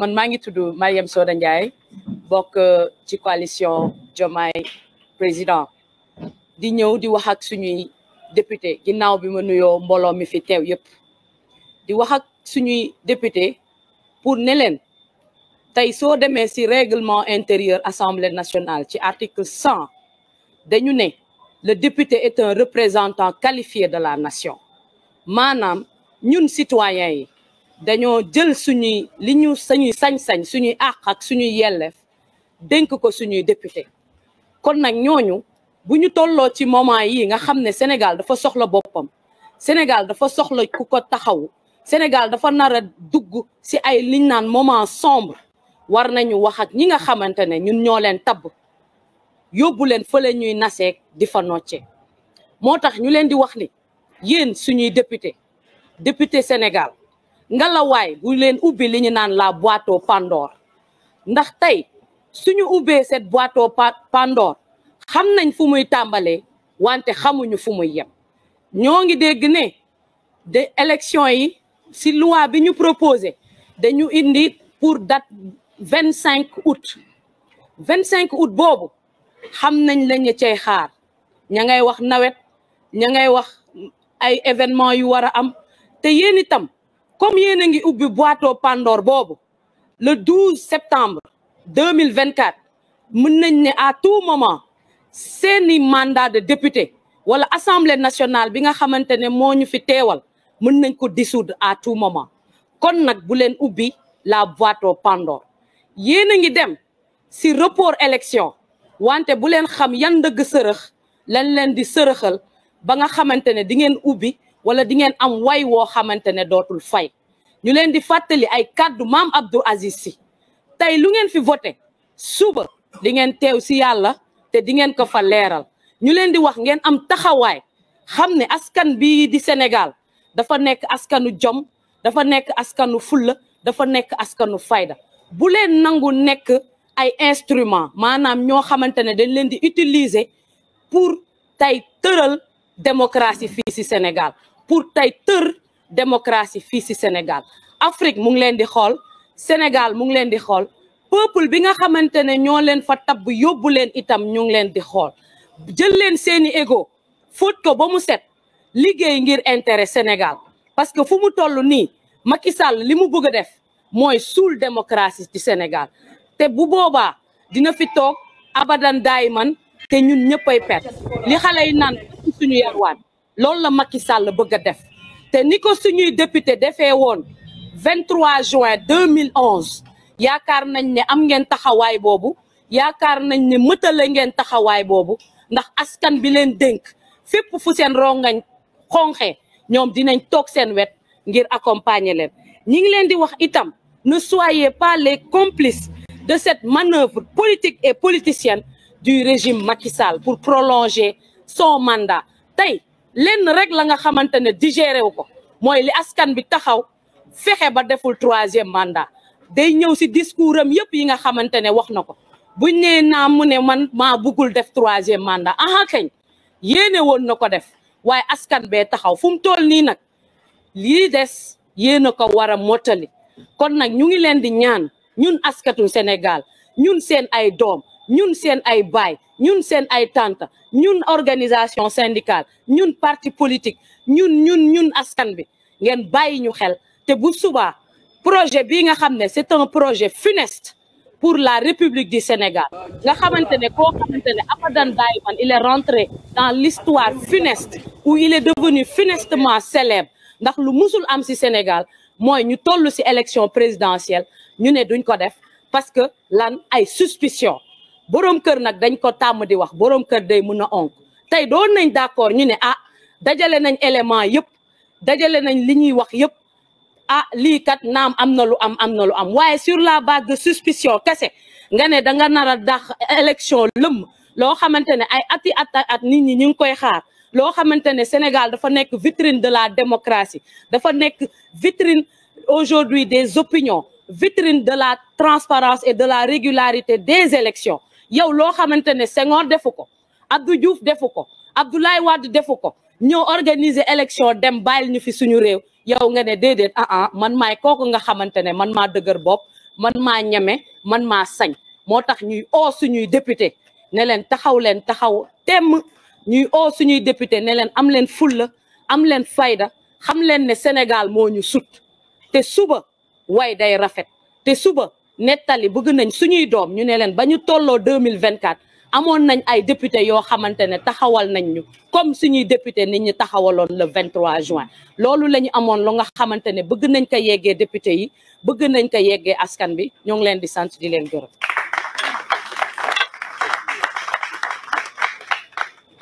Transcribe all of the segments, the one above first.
man maa ngi tudd Mariam Soda Ndiaye bokk euh, ci coalition Diomaye président di ñëw di wax ak suñuy député ginnaaw bi ma nuyoo mbooloo mi fi teew yépp di wax ak suñuy député pour ne leen tey soo demee ci règlement intérieur assemblée nationale ci article cent dañu ne le député est un représentant qualifié de la nation maanaam ñun citoyens yi dañoo jël suñuy li ñu sañuy sañ-sañ suñuy àq ak suñuy yelleef dénk ko suñuy député kon nag ñooñu bu ñu tolloo ci moment yi nga xam ne Sénégal dafa soxla boppam Sénégal dafa soxla ku ko taxawu Sénégal dafa nar a dugg si ay liñ naan moment sombre war nañu wax ak ñi nga xamante ne ñun ñoo leen tabb yóbbu leen fële ñuy naseek di fa nocce moo tax ñu leen di wax ni yéen suñuy député député Sénégal ngalawaay bu leen ubbi li ñu naan la boîte au ndax tey suñu ubbee cet boîte au xam nañ fu muy tàmbalee wante xamuñu fu muy yem ñoo ngi dégg ne de élection yi si loi bi ñu proposé dañu indi pour dat vingt cinq août vingt cinq août boobu xam nañ la ñu cay xaar ña ngay wax nawet ña ngay wax ay événement yu war a am te yéen itam comme yéen a ngi ubbi boîte pandoor boobu le 12 septembre 2024 mën nañ ne à tout moment seeni mandat de député wala assemblée nationale bi nga xamante ne moo ñu fi teewal mun nañ ko dissoudre à tout moment kon nag bu leen ubbi la boîte pandoor yéen a ngi dem si report élection wante bu leen xam yan dëgg sërëx lañ leen di sërëxal ba nga xamante ne di ngeen ubbi wala di ngeen am way woo xamante ne dootul fay ñu leen di fàttali ay kàddu maam Abdou Aziz Sy tey lu ngeen fi voté suba di ngeen teew si yàlla te di ngeen ko fa leeral ñu leen di wax ngeen am taxawaay xam ne askan bi di Sénégal dafa nekk askanu jom dafa nekk askanu fulla dafa nekk askanu fayda bu leen nangu nekk ay instrument maanaam ñoo xamante ne dañ leen di utiliser pour tey tëral démocratie fii si Sénégal pour tey tër démocratie fii si Sénégal Afrique mu ngi leen di xool Sénégal mu ngi leen di xool peuple bi nga xamante ne ñoo leen fa tabb yóbbu leen itam ñu ngi leen di xool jël leen seeni égo fóot ko ba mu set liggéey ngir intérêt Sénégal parce que fu mu toll nii Macky Sall li mu bëgg a def mooy suul démocratie ci Sénégal te bu boobaa dina fi toog abadan daay man te ñun ñëppay pet li xale yi naan suñu yarwaan loolu la Macky Sall bëgg a def te ni ko suñuy député defee woon 23 juin 2011 yaakaar nañ ne am ngeen taxawaay boobu yaakaar nañ ne mëtale ngeen taxawaay boobu ndax askan bi leen dénk fépp fu seen rongañ xonxe ñoom dinañ toog seen wet ngir accompagner leen ñi ngi leen di wax itam ne soyez pas les complices de cette manœuvre politique et politicienne du régime Macky Sall pour prolonger son mandat tey lenn rek la nga xamante ne digéré wu ko mooy li askan bi taxaw fexe ba deful troisième manda day ñëw si discours am yëpp yi nga xamante ne wax na ko bu nee naa mu ne man maa bëggul def troisième manda aha kañ yéene woon na ko def waaye askan bee taxaw fu mu toll nii nag lii des yéen a ko war a mottali kon nag ñu ngi leen di ñaan ñun askatu Sénégal ñun seen ay doom ñun seen ay baay ñun seen ay tante ñun organisation syndicale ñun parti politique ñun ñun ñun askan bi ngeen bàyyi ñu xel te bu subaa projet bii nga xam ne c'est un projet funeste pour la République du Sénégal nga xamante ne ko xamante ne Abadan Daïman il est rentré dans l'histoire funeste où il est devenu funestement célèbre ndax lu musul am ci Sénégal mooy ñu toll ci élection présidentielle ñu ne duñ ko def parce que lan ay suspicion boroom kër nag dañ ko tàmm di wax boroom kër day mën a onk tey doon nañ d'accord ñu ne ah dajale nañ élément yëpp dajale nañ li ñuy wax yëpp ah lii kat naam am na lu am am na lu am waaye sur la base de suspicion kese nga ne da nga nar a dax élection lëmm loo xamante ne ay ati at at nit ñi ñu ngi koy xaar loo xamante ne Sénégal dafa nekk vitrine de la démocratie dafa nekk vitrine aujourd'hui des opinions vitrine de la transparence et de la régularité des élections yow loo xamante ne Senghor defu ko Abdou Diouf defu ko Abdoulaye Wade defu ko ñëw organiser élection dem bàyyil ñu fi suñu réew yow nga ne déedéet ah ah man maay kooku nga xamante ne man maa dëgër bopp man maa ñeme man maa sañ moo tax ñuy o suñuy député ne leen taxaw leen taxaw temm ñuy o suñuy député ne leen am leen fulla am leen fayda xam leen ne Sénégal moo ñu sut te suba way day rafet te suba nettali bëgg nañ suñuy doom ñu ne leen ba ñu tolloo deux mille vingt quatre amoon nañ ay député yoo xamante ne taxawal nañ ñu comme suñuy député nit ñu taxawaloon la vingt trois juin loolu la ñu amoon lu nga xamante ne bëgg nañ ko yeggee député yi bëgg nañ ko yeggee askan bi ñoo ngi leen di sant di leen gërëm.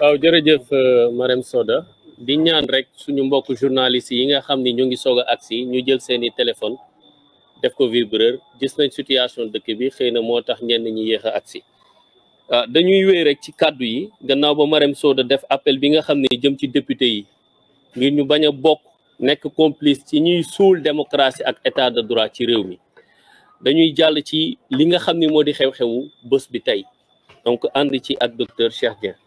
waaw jërëjëf euh, Marème Soda di ñaan rek suñu mbokk journaliste yi nga xam ni ñu ngi soog a agsi ñu jël seeni téléphone def ko vibreur gis nañ situation dëkk bi xëy na moo tax ñenn ñi yéex a agsi ah, dañuy wéy rek ci kàddu yi gannaaw ba Marème Soda def appel bi nga xam ne jëm ci député yi ngir ñu bañ a bokk nekk complice ci ñuy suul démocratie ak état de droit ci réew mi dañuy jàll ci li nga xam ni moo di xew-xewu bés bi tey donc ànd ci ak docteur Cheikh Dieng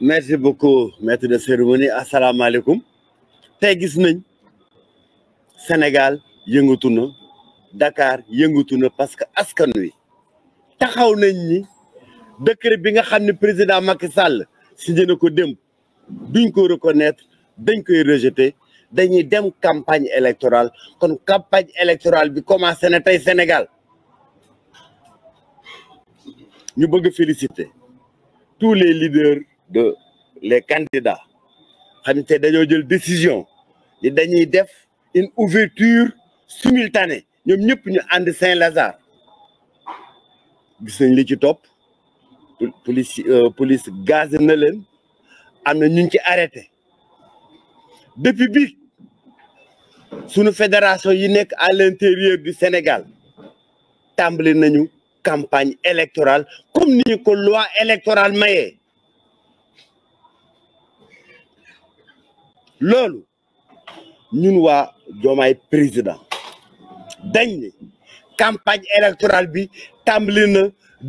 merci beaucoup maître de cérémonie asalaamaaleykum te gis nañ Sénégal yëngatu na Dakar yëngatu na parce que askan wi taxaw nañ ni décret bi nga xam ne président Macky Sall signé ko démb duñ ko reconnaître dañ koy rejeter dañuy dem campagne électorale kon campagne électorale bi commencé na tey Sénégal ñu bëgg féliciter tous les leaders de les candidats xam te dañoo jël décision yi dañuy def une ouverture simultanée ñoom ñëpp ñu ànd Saint-Lazare gis nañ li ci topp police euh, police gaz na leen am na ñu ci arrêté depuis bi sunu fédération yi nekk à l'intérieur du Sénégal tàmbali nañu campagne électorale comme ni ñu ko loi électorale mayee loolu ñun waa Diomaye président dañ ne campagne électorale bi tàmbali na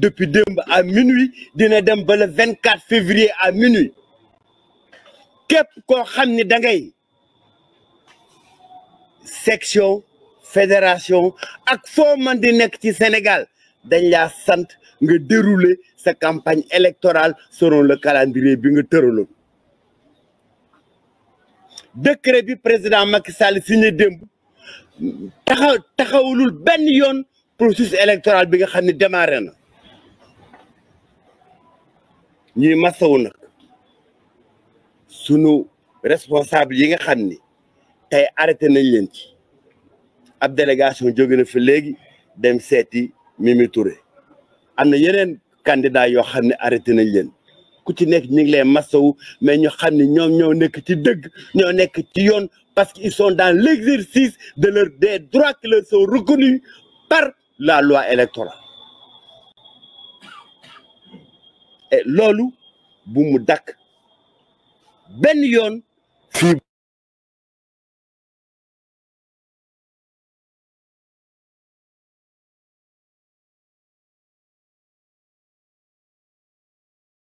depuis démb a minuit dina dem ba le vingt quatre février à minuit képp koo xam ni da section fédération ak foo man di nekk ci Sénégal dañ laa sant nga dérouler sa campagne électorale selon le calendrier bi nga tëraloon décret bi président Macky Sall signé démb taxaw benn yoon processus électoral bi nga xam ne démarré na ñuy masawu nag sunu responsable yi nga xam ni tey arrêté nañ leen ci ab délégation jóge na fi léegi dem seeti Mimi Touré am na yeneen candidat yoo xam ne arrêté nañ leen ku ci nekk ñu ngi lay masawu mais ñu xam ne ñoom ñoo nekk ci dëgg ñoo nekk ci yoon parce que ils sont dans l' exercice de leur des droits qui leur sont reconnus par la loi électorale et loolu bumu dakk benn yoon fii